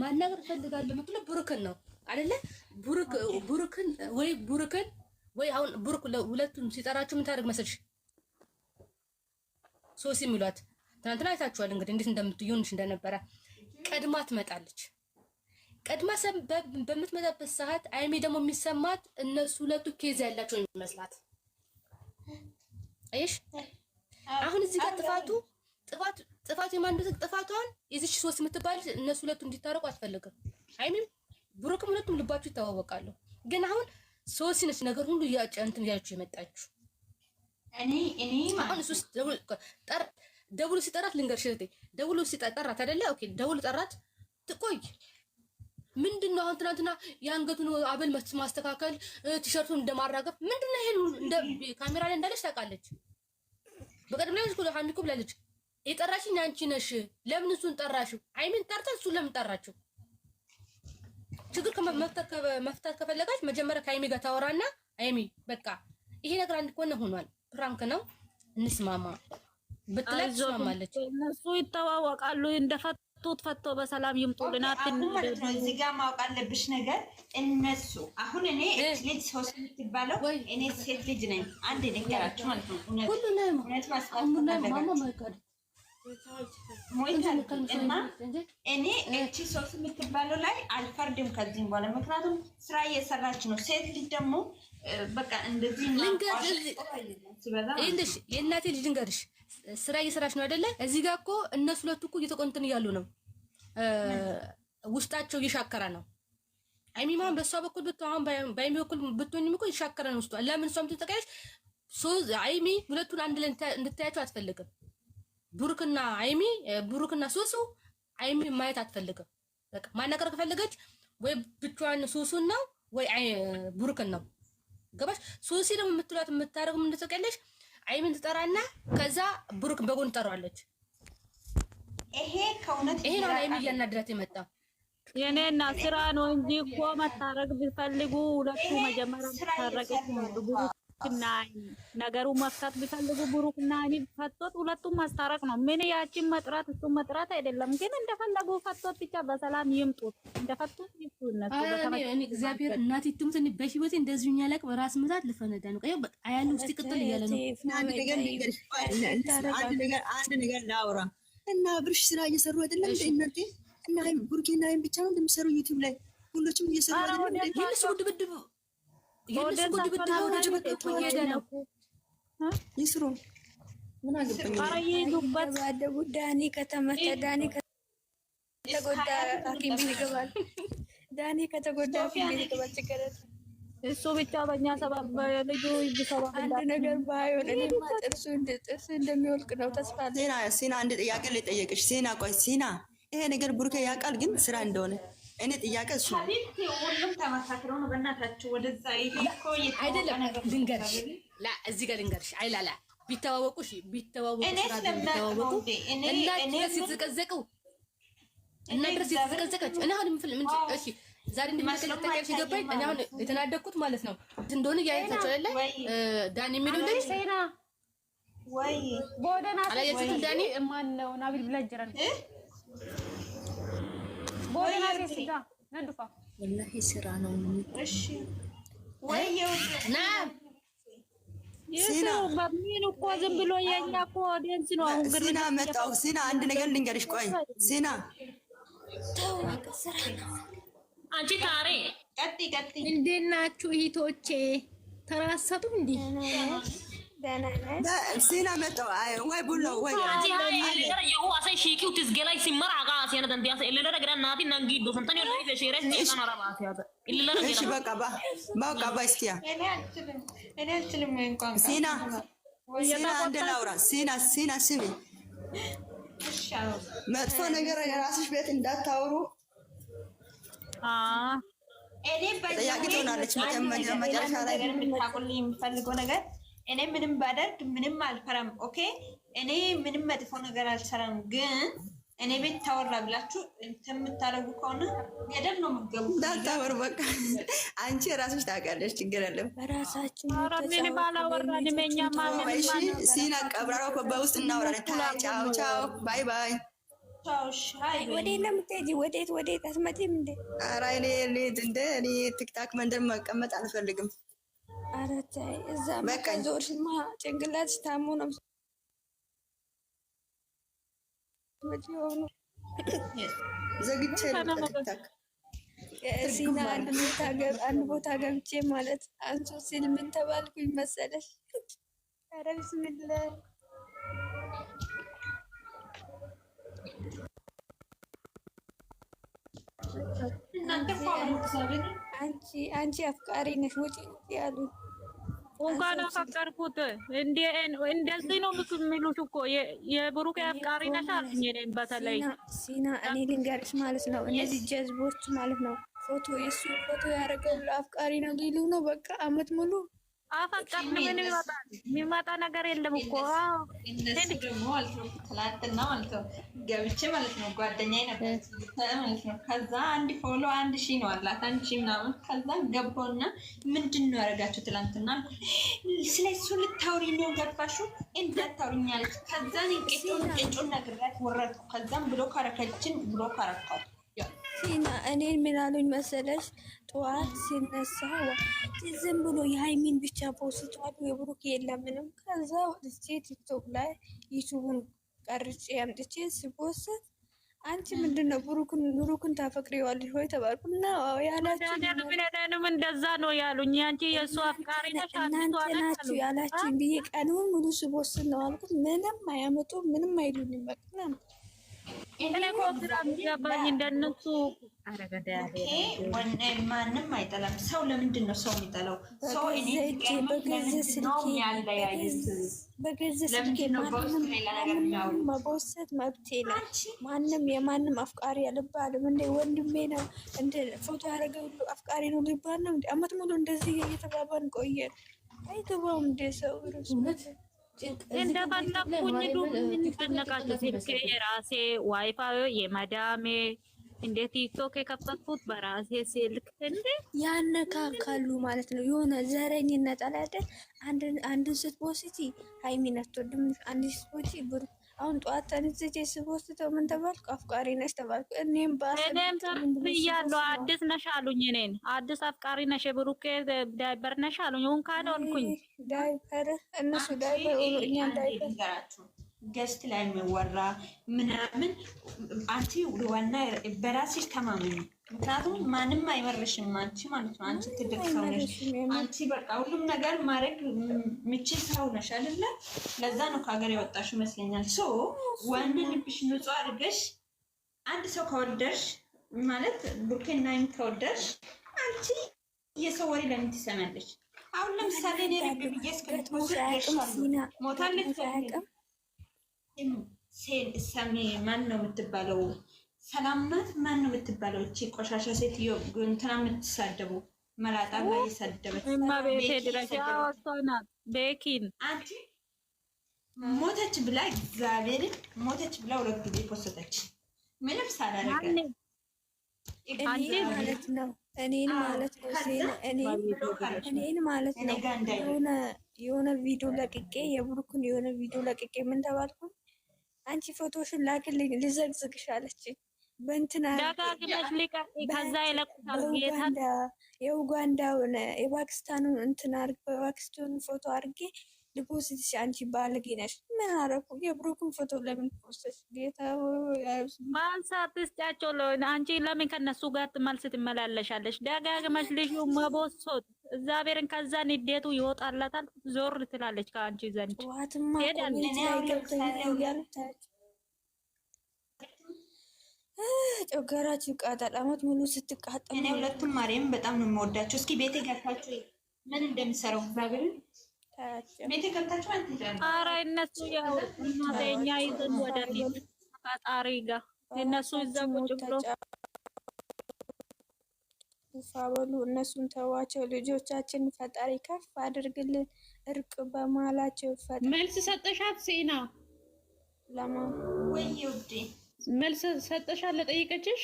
ማናገር እፈልጋለሁ የምትለው ብሩክን ነው አይደለ? ብሩክ ብሩክን ወይ ብሩክን ወይ አሁን ብሩክ ሁለቱም ሲጠራችሁ ምን ታደርግ መሰልሽ? ሶሲ የሚሏት ትናንትና አይታችኋል እንግዲህ እንዴት እንደምትዩንሽ እንደነበረ ቀድማ ትመጣለች። ቀድማ በምትመጣበት ሰዓት አይሜ ደግሞ የሚሰማት እነሱ ሁለቱ ኬዝ ያላቸው የሚመስላት አይሽ አሁን እዚህ ጋር ጥፋቱ ጥፋቱ ጥፋት የማንዱ ጥፋቷን የዚች ሶስት የምትባል እነሱ ሁለቱ እንዲታረቁ አትፈልግም። አይሚም ብሩክም ሁለቱም ልባችሁ ይተዋወቃሉ። ግን አሁን ሶስት ነች ነገር ሁሉ እንትን እያለችው የመጣችሁ እኔ እኔ ማለት ደውሎ ሲጠራት ልንገርሽ እህቴ፣ ደውሎ ሲጠራት አይደለ? ኦኬ ደውሎ ጠራት። ትቆይ ምንድን ነው አሁን ትናንትና የአንገቱን አበል ማስተካከል፣ ቲሸርቱን እንደማራገፍ ምንድን ነው ይሄን? ካሜራ ላይ እንዳለች ታውቃለች። በቀደም ላይ እኮ ሀሚ እኮ ብላለች የጠራሽኝ አንቺ ነሽ። ለምን እሱን ጠራሽው? አይምን ጠርተን እሱን ለምን ጠራችው? ችግር መፍታት ከፈለጋች መጀመሪያ ከአይሚ ጋር ታወራና አይሚ በቃ ይሄ ነገር አንድ ከሆነ ሆኗል፣ ፕራንክ ነው፣ እንስማማ ብትላት ትስማማለች። እነሱ ይተዋወቃሉ። ቶት ፈቶ በሰላም ይምጡልና እዚህ ጋር ማወቅ አለብሽ ነገር እነሱ አሁን እኔ ልጅ ሶስት የምትባለው እኔ ሴት ልጅ ነኝ። አንድ ነገራችሁ ማለት ነው ሁሉ ማስፋት ነው እና እኔ እቺ ሶስት የምትባለው ላይ አልፈርድም ከዚህም በኋላ ምክንያቱም ስራ እየሰራች ነው። ሴት ልጅ ደግሞ በቃ እንደዚህ የእናቴ ልጅ ልንገርሽ፣ ስራ እየሰራች ነው አይደለ? እዚህ ጋር እኮ እነሱ ሁለቱ እኮ እየተቆንትን እያሉ ነው። ውስጣቸው እየሻከረ ነው። አይሚማን በእሷ በኩል ብት አሁን በአይሚ በኩል ብትሆኝም እኮ ይሻከረ ነው ውስጧ። ለምን እሷ ምትጠቃያች አይሚ ሁለቱን አንድ እንድታያቸው አትፈልግም። ብሩክና አይሚ ብሩክና ሱሱ አይሚ ማየት አትፈልግም። በቃ ማናገር ከፈለገች ወይ ብቻዋን ሱሱን ነው ወይ ብሩክን ነው። ገባሽ? ሱሲ ደግሞ የምትሏት የምታደርገው ምን ትቀለሽ? አይሚን ትጠራና ከዛ ብሩክ በጎን ትጠራዋለች። ይሄ ከእውነት ይሄ ነው አይሚ እያናድራት የመጣ የኔና ስራ ነው እንጂ እኮ መታረቅ ቢፈልጉ ሁለቱ መጀመሪያ ታረቀች ነው እና ነገሩ መፍታት ቢፈልጉ ብሩክና እኔ ፈቶት ሁለቱም ማስታረቅ ነው። ምን ያችን መጥራት እሱ መጥራት አይደለም፣ ግን እንደፈለጉ ፈቶት ብቻ በሰላም ይምጡት። እንደፈቱት ይምጡ እነሱ። እግዚአብሔር እናት ትሙት እኔ በሽወት እንደዚሁ ኛ ላቅ በራስ ምታት ልፈነዳ ነው። ቀዩ አያሉ ውስጥ ቅጥል እያለ ነው። አንድ ነገር ላውራ እና ብርሽ ስራ እየሰሩ አይደለም እንደ እናቴ እና ቡርጌና ብቻ ነው እንደሚሰሩ ዩቲዩብ ላይ ሁሎችም እየሰሩ አይደለም። ይህ እሱ ድብድብ ዳኒ ከተጎዳ እሱ ብቻ በእኛ ሰበብ ልጁ አንድ ነገር ባይሆን ጥርሱ እንደሚወልቅ ነው ተስፋ። ሲና አንድ ጥያቄ ልጠየቅሽ። ሲና ቆይ፣ ሲና ይሄ ነገር ቡርኬ ያውቃል ግን ስራ እንደሆነ እኔ ጥያቄ እሱ አይደለም። ልንገርሽ እዚህ ጋር ልንገርሽ አይላላ ቢተዋወቁ ቢተዋወቁ እና ድረስ የተዘቀዘቀው እና ድረስ የተዘቀዘቀች አሁን ምፍል ምን እሺ ዛሬ ገባኝ። እኔ አሁን ማለት ነው እንደሆነ እያየታቸው አይደለ ዳኒ የሚለው ልጅ ወይ ቦደና አላየችም ዳኒ ማን ነው ናቢል ብላጅራን ወላሂ ስራ ነው። ምን እኮ ዝም ብሎ የኛ እኮ ደንስ ነው። አሁን ሲና መጣሁ። ሲና አንድ ነገር ልንገርሽ፣ ቆይ ሲና አንቺ ታሬ እንዴት ናችሁ እህቶቼ? ተራሰጡ እንዲህ መጥፎ ነገር የራስሽ ቤት እንዳታወሩ። እኔ ትሆናለች መጨረሻ ላይ የምታውቁልኝ የምፈልገው ነገር እኔ ምንም ባደርግ ምንም አልፈራም። ኦኬ እኔ ምንም መጥፎ ነገር አልሰራም። ግን እኔ ቤት ታወራ ብላችሁ ከምታደርጉ ከሆነ ገደል ነው የምትገቡ። እንዳታወሩ በቃ አንቺ ራስሽ ታውቂያለሽ። ችግር የለም። ራሳችን ምንም አላወራን። እኛ ሲና ቀብራራው በውስጥ እናወራለን። ቻው ቻው፣ ባይ ባይ ወዴት ነው የምትሄጂው? ወዴት ወዴት አትመጪም እንዴ? ኧረ እኔ ቲክታክ መንደር መቀመጥ አልፈልግም። ኧረ ተይ እዛ በቃ ዞርሽማ ጭንቅላትሽ ታሞ ነው ዘግቼ ሲና አንድ ቦታ ገብቼ ማለት አንቺ ሲል ምን ተባልኩኝ መሰለሽ? ኧረ ብስምላ አንቺ አፍቃሪ ነሽ ውጪ ያሉ እንኳን አፈቀርኩት እንደዚህ ነው የሚሉት እኮ የብሩክ አፍቃሪ ነሽ አሉኝ። እኔን በተለይ ሲና እኔ ልንገርሽ ማለት ነው እነዚህ ጀዝቦች ማለት ነው ፎቶ የሱ ፎቶ ያደረገው አፍቃሪ ነው ሊሉ ነው በቃ አመት ሙሉ አፈቀር ምን ይመጣል? የሚመጣ ነገር የለም እኮ እነሱ ደግሞ ማለት ነው። ትላንትና ማለት ነው ገብቼ ማለት ነው ጓደኛዬ ነበር ማለት ነው። ከዛ አንድ ፎሎ አንድ ሺ ነው አላት አንድ ሺ ምናምን። ከዛ ገባውና ምንድን ነው ያደረጋችሁ ትላንትና ስለ እሱ ልታውሪ ነው ገባሽው? እንዳታውሪኛለች። ከዛ ቄጮን ቄጮን ነግሬያት ወረድኩ። ከዛም ብሎ ካረከችን ብሎ ካረኳት ቲና እኔን ምን አሉኝ መሰለሽ? ጠዋት ሲነሳ ዝም ብሎ የሃይሚን ብቻ ፖስቷል፣ የብሩክ የለምንም። ከዛ ወጥቼ ቲክቶክ ላይ ዩቱቡን ቀርጬ አምጥቼ ስፖስት አንቺ ምንድን ነው ብሩክን ብሩክን ታፈቅሪዋለሽ ወይ ተባልኩ እና ያላችሁም እንደዛ ነው ያሉኝ። አንቺ የእሱ አፍቃሪ ነሽ እናንተ ናችሁ ያላችሁኝ ብዬ ቀኑን ሙሉ ስቦስን ነው አልኩት። ምንም አያመጡ ምንም አይሉኝም በቃ ምናምን ማንም አይጠላም። ሰው ሰው የሚጠላው? ሰው መቦሰት መብቴ ነው። ማንም የማንም አፍቃሪ አልባልም። እንደ ወንድሜ ነው እንደ ፎቶ ያደረገ ሁሉ አፍቃሪ ነው ሊባል ነው። አመት ሙሉ እንደዚህ እየተባባን ቆየን። አይገባውም እንደ ሰው እንደፈለኩኝ ዱም የሚፈለጋቸው ስልክ የራሴ ዋይፋይ የመዳሜ እንደ ቲክቶክ የከፈትኩት በራሴ ስልክ ያነካካሉ ማለት ነው። የሆነ ዘረኝነት አላደ አንድ ስትፖስቲ ሃይሚነት ወድም አንድ ስትፖስቲ ብሩክ አሁን ጠዋት ተነስቼ ስወስደው ምን ተባልኩ? አፍቃሪ ነሽ ተባልኩ። እኔም ባእኔም ተብያለሁ። አዲስ ነሽ አሉኝ። እኔን አዲስ አፍቃሪ ነሽ ብሩኬ ዳይበር ነሽ አሉኝ። ሁን ካለ ሆንኩኝ ዳይበር እነሱ ዳይበር እኛ ዳይበር ገስት ላይ የሚወራ ምናምን አንቺ ዋና በራስሽ ተማመኝ። ምክንያቱም ማንም አይመርሽም አንቺ ማለት ነው። አንቺ ትልቅ ሰው ነሽ። አንቺ በቃ ሁሉም ነገር ማድረግ ምችል ሰው ነሽ አይደለ? ለዛ ነው ከሀገር ያወጣሽ ይመስለኛል። ሶ ዋና ልብሽ ንጹ አድርገሽ አንድ ሰው ከወደሽ ማለት ብሩኬና ይም ከወደሽ አንቺ የሰው ወሬ ለምን ትሰማለች? አሁን ለምሳሌ ኔ ልብ ብዬ እስከምትሞት ሞታለች ሰሜ ማን ነው የምትባለው? ሰላም ናት። ማን ነው የምትባለው? እቺ ቆሻሻ ሴትዮ እንትና የምትሳደቡ መላጣ ላይ የሰደበች ቤኪን አንቺ ሞተች ብላ እግዚአብሔር ሞተች ብላ ሁለት ጊዜ ፖስተች። ምንም ሳላረገ ማለት ነው እኔን ማለት ነው የሆነ ቪዲዮ ለቅቄ የብሩክን የሆነ ቪዲዮ ለቅቄ ምን ተባልኩ? አንቺ ፎቶሽን ላክልኝ ልዘግዝግሽ አለች። በእንትና ከዛ ይለቁታል ጌታ የኡጋንዳውን የፓኪስታኑን እንትን አርግ በፓኪስታኑ ፎቶ አርጌ ልፖስትሽ አንቺ ባለጌ ነሽ። ምን አረኩ? የብሩክን ፎቶ ለምን ፖስትሽ? ጌታ ማንሳት ትስጫቸው። አንቺ ለምን ከነሱ ጋር መልስ ትመላለሻለሽ? ደጋግመሽ ልዩ መቦሶት እግዚአብሔርን ከዛ ንዴቱ ይወጣላታል። ዞር ትላለች ከአንቺ ዘንድ ጨገራችሁ ይቃጠል። አመት ሙሉ ስትቃጠል። እኔ ሁለቱም ማርያም በጣም ነው የምወዳቸው። እስኪ ቤቴ ገብታችሁ ምን እንደምሰራው እግዚአብሔርን ቤቴ ገብታችሁ አራ እነሱ ያው እናተኛ ይዘን ወደፊት ፈጣሪ ጋር እነሱ ይዘን ቁጭ ብሎ ኩፍ እነሱን ተዋቸው፣ ልጆቻችን ፈጣሪ ከፍ አድርግልን። እርቅ በማላቸው ፈጣሪ መልስ ሰጠሻት። ሴና ለማ መልስ ሰጠሻት ለጠይቀችሽ?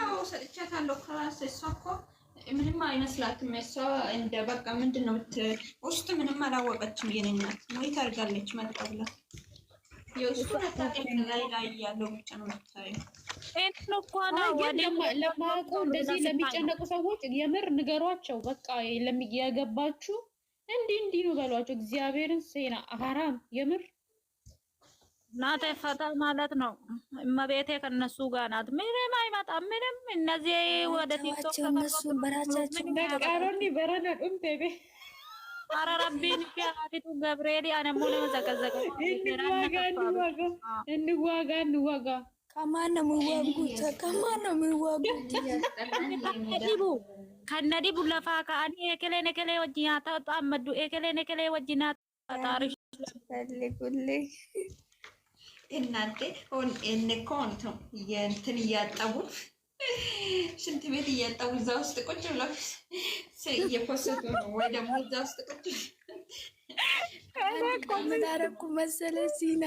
አዎ ሰጥቻታለሁ። ከራስ እሷ እኮ ምንም አይመስላትም። እሷ እንደ በቃ ምንድን ነው ውስጥ ምንም አላወቀችም። የኔ ሞይ ታርጋለች መጣ ብላ የውስጡ መታቀም ላይ ላይ ያለው ብቻ ነው የምታየው ለማያውቁ እንደዚህ ለሚጨነቁ ሰዎች የምር ንገሯቸው። በቃ ያገባችሁ እንዲህ እንዲህ ነው በሏቸው። እግዚአብሔርን ሴና ሀራም የምር ናተ ፈታ ማለት ነው። እመቤቴ ከነሱ ጋር ናት። ምንም አይመጣም። ምንም እነዚህ ወደ ቲክቶክ ገብርኤል እንዋጋ እንዋጋ ከማን ነው የሚዋጉት? ከማን ነው የሚዋጉት? ከነዲቡ ለፋ ከአኒ ኤከሌን ኤከሌ ወጅና ተጣመዱ ኤከሌን ኤከሌ ወጅና ታሪሽ ፈልጉልኝ እናንተ ሆን እንኮንቱ የእንትን እያጠቡ ሽንት ቤት እያጠቡ እዛ ውስጥ ቁጭ ብለው እየኮሰቱ ነው ወይ ደግሞ እዛ ውስጥ ቁጭ ምን አደረኩ መሰለ ሲና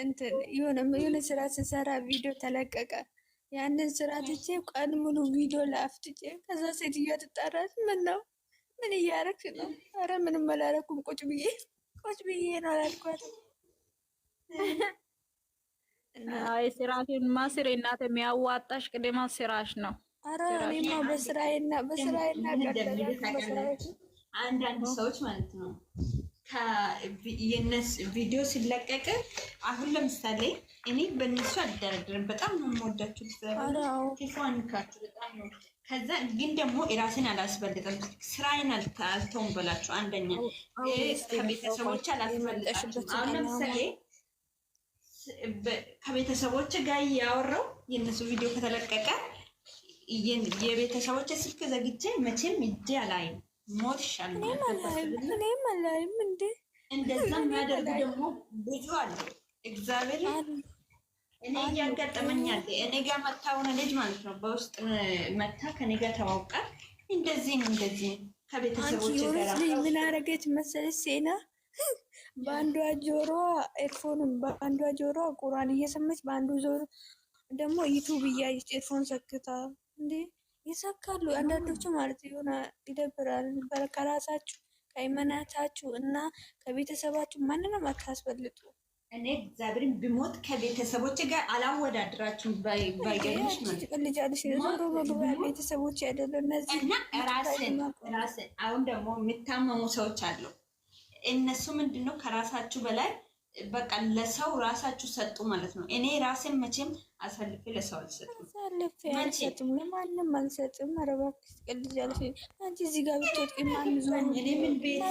እንትን የሆነ ስራ ስሰራ ቪዲዮ ተለቀቀ። ያንን ስራ ትቼ ቀን ሙሉ ቪዲዮ ላፍጥጬ፣ ከዛ ሴትዮዋ ትጠራች። ምን ነው ምን እያረግሽ ነው? አረ ምንም አላረኩም፣ ቁጭ ብዬ ቁጭ ብዬ ነው አላልኳት። የስራሽንማ ስሬ እናት የሚያዋጣሽ ቅድማ ስራሽ ነው። አረ እኔማ በስራዬና በስራዬና ቀ አንዳንድ ሰዎች ማለት ነው ቪዲዮ ሲለቀቅ አሁን ለምሳሌ እኔ በእነሱ አልደረደርም። በጣም ነው የምወዳችሁ፣ ቴፏንካችሁ በጣም ነው። ከዛ ግን ደግሞ የራሴን አላስበልጠም፣ ስራዬን አልተውም በላችሁ። አንደኛ ከቤተሰቦች አላስበልጣችሁ። አሁን ለምሳሌ ከቤተሰቦች ጋር እያወራው የእነሱ ቪዲዮ ከተለቀቀ የቤተሰቦች ስልክ ዘግቼ መቼም እጄ አላይም። ሞት ይሻላል። እኔም አላይም እንደ እንደዛ የሚያደርጉ ደግሞ ብዙ አለ። እግዚአብሔር እኔ እያጋጠመኛል። እኔ ጋር መታ ሆነ ልጅ ማለት ነው በውስጥ መታ ከኔ ጋር ተዋውቃ እንደዚህ እንደዚህ ከቤተሰቦች ምን አረገች መሰለሽ ሴና በአንዷ ጆሮ ኤርፎኑን በአንዷ ጆሮ ቁርአን እየሰማች በአንዱ ጆሮ ደግሞ ዩቱብ እያየች ኤርፎን ሰክታ እንዴ ይሰካሉ። አንዳንዶቹ ማለት የሆነ ይደብራል። ከራሳችሁ ከእምነታችሁ እና ከቤተሰባችሁ ማንንም አታስበልጡ። እኔ እግዚአብሔርን ብሞት ከቤተሰቦች ጋር አላወዳድራችሁም። ባይገርምሽ ቤተሰቦች ያደሉ እነዚህ ራስን አሁን ደግሞ የሚታመሙ ሰዎች አሉ። እነሱ ምንድነው ከራሳችሁ በላይ በቃ ለሰው ራሳችሁ ሰጡ ማለት ነው። እኔ ራሴን መቼም አሳልፌ ለሰው አልሰጥም፣ አልሰጥም፣ ለማንም አልሰጥም። ኧረ እባክሽ ትቀልጃለሽ አንቺ እዚህ ጋር ብትወጥቂ ማን ቤት